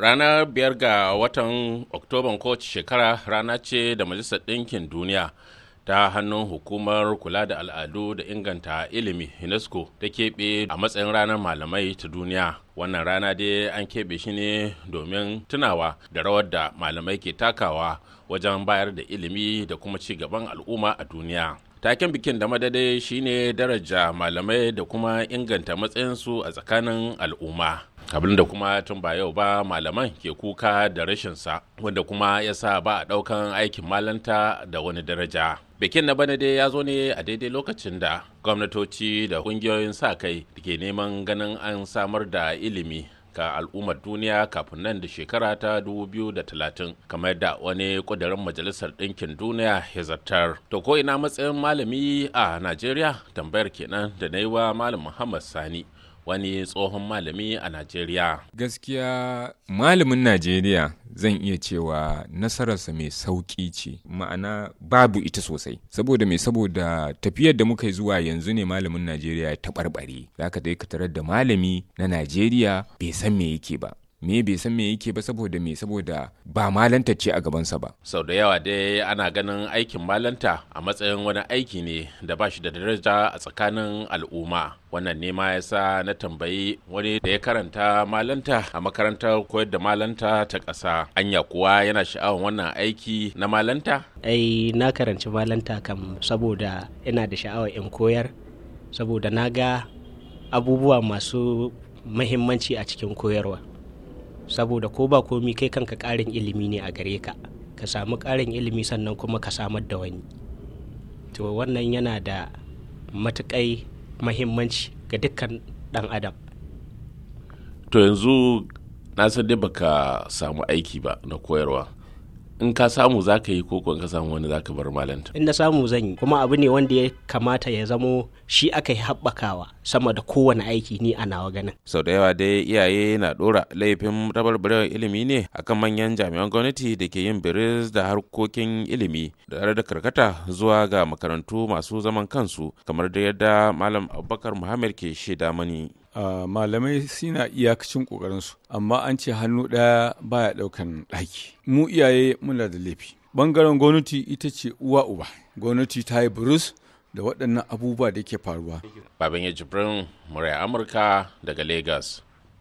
ranar biyar ga watan oktoban kowace shekara rana ce da majalisar ɗinkin duniya ta hannun hukumar kula da al'adu da inganta ilimi unesco ta keɓe a matsayin ranar malamai ta duniya wannan rana dai an keɓe shi ne domin tunawa da rawar da malamai ke takawa wajen bayar da ilimi da kuma ci gaban al'umma a duniya taken bikin da madadai shine daraja malamai da kuma inganta matsayinsu a tsakanin al'umma abin da kuma tun ba yau ba malaman ke kuka da rashinsa wanda kuma ya sa ba a ɗaukan aikin malanta da wani daraja bikin na bana dai ya zo ne a daidai lokacin da gwamnatoci da kungiyoyin sa kai da ke neman ganin an samar da ilimi ga al'ummar duniya kafin nan da shekara ta 2030 kamar da wani kudirin majalisar ɗinkin duniya ya zartar to ko ina matsayin malami a najeriya tambayar kenan da na yi wa malam muhammad sani wani tsohon malami a najeriya gaskiya malamin najeriya zan iya cewa nasararsa mai sauƙi ce ma'ana babu ita sosai saboda mai saboda tafiyar da muka yi zuwa yanzu ne malamin najeriya ya taɓarɓare za ka dai ka tarar da malami na najeriya bai san me yake ba me bai san me yake ba saboda me saboda ba malanta ce a gabansa ba sau da yawa dai ana ganin aikin malanta a matsayin wani aiki ne da ba shi da daraja a tsakanin al'umma wannan nema ma ya sa na tambayi wani da ya karanta malanta a makarantar koyar da malanta ta ƙasa anya kuwa yana sha'awar wannan aiki na malanta ai na karanci malanta kam saboda ina da sha'awar in koyar saboda na ga abubuwa masu mahimmanci a cikin koyarwa saboda ko ba komi kai kanka karin ilimi ne a gare ka ka samu karin ilimi sannan kuma ka samar da wani to wannan yana da matukai mahimmanci ga dukkan dan adam to yanzu na san dai baka samu aiki ba na koyarwa in ka samu za ka yi ko in ka samu wani za ka bar malanta in na samu zan yi kuma abu ne wanda ya kamata ya zamo shi aka yi haɓakawa sama da kowane aiki ni a nawa ganin sau da yawa dai iyaye na ɗora laifin rabarbarewar ilimi ne akan manyan jami'an gwamnati da ke yin biris da harkokin ilimi da da karkata zuwa ga makarantu masu zaman kansu kamar da yadda malam abubakar muhammad ke shaida mani Ah, malamai suna iyakacin ƙoƙarinsu amma an ce hannu ɗaya baya ɗaukan ɗaki mu iyaye muna da laifi ɓangaren gwamnati ita ce uwa uba gwamnati ta yi burus da waɗannan abubuwa da ke faruwa baban ya jibrin murai amurka daga lagos